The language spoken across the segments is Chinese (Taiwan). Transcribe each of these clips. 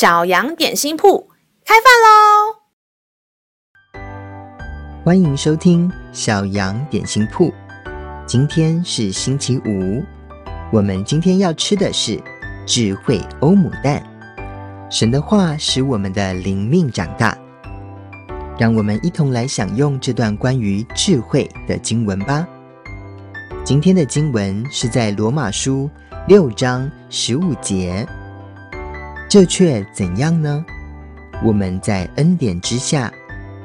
小羊點心鋪開飯嘍！歡迎收聽小羊點心鋪。今天是星期五，我們今天要吃的是智慧歐姆蛋。神的話使我們的靈命長大，讓我們一同來享用這段關於智慧的經文吧。今天的經文是在羅馬書六章十五節。這卻怎樣呢？我們在恩典之下，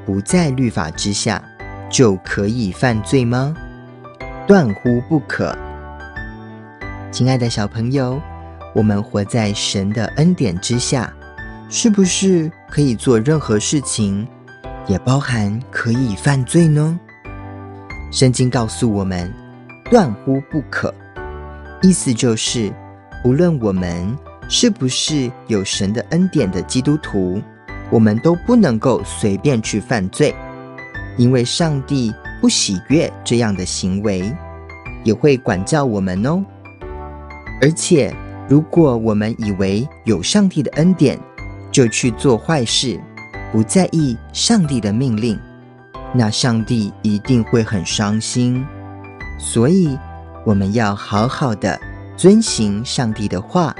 不在律法之下，就可以犯罪嗎？斷乎不可。親愛的小朋友，我們活在神的恩典之下，是不是可以做任何事情，也包含可以犯罪呢？聖經告訴我們，斷乎不可。意思就是，不論我們。是不是有神的恩典的基督徒，我們都不能夠隨便去犯罪，因為上帝不喜悅這樣的行為，也會管教我們哦。而且，如果我們以為有上帝的恩典就去做壞事，不在意上帝的命令，那上帝一定會很傷心。所以，我們要好好的遵行上帝的話。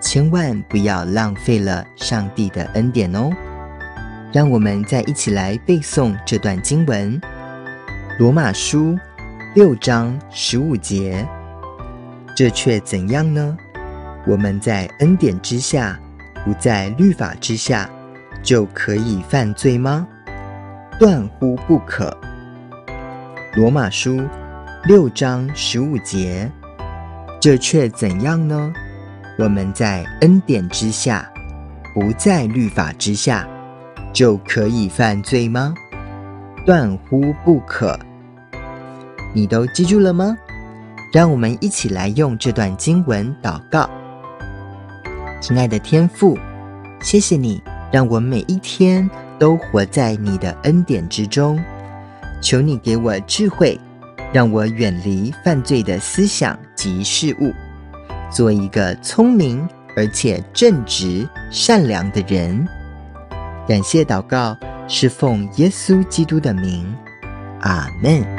千萬不要浪費了上帝的恩典哦！讓我們再一起來背誦這段經文：《羅馬書》六章十五節。這卻怎樣呢？我們在恩典之下，不在律法之下，就可以犯罪嗎？斷乎不可！《羅馬書》六章十五節。這卻怎樣呢？我們在恩典之下，不在律法之下，就可以犯罪嗎？斷乎不可。你都記住了嗎？讓我們一起來用這段經文禱告。親愛的天父，謝謝你讓我每一天都活在你的恩典之中。求你給我智慧，讓我遠離犯罪的思想及事物。做一個聰明而且正直、善良的人。感謝禱告，是奉耶穌基督的名，阿門。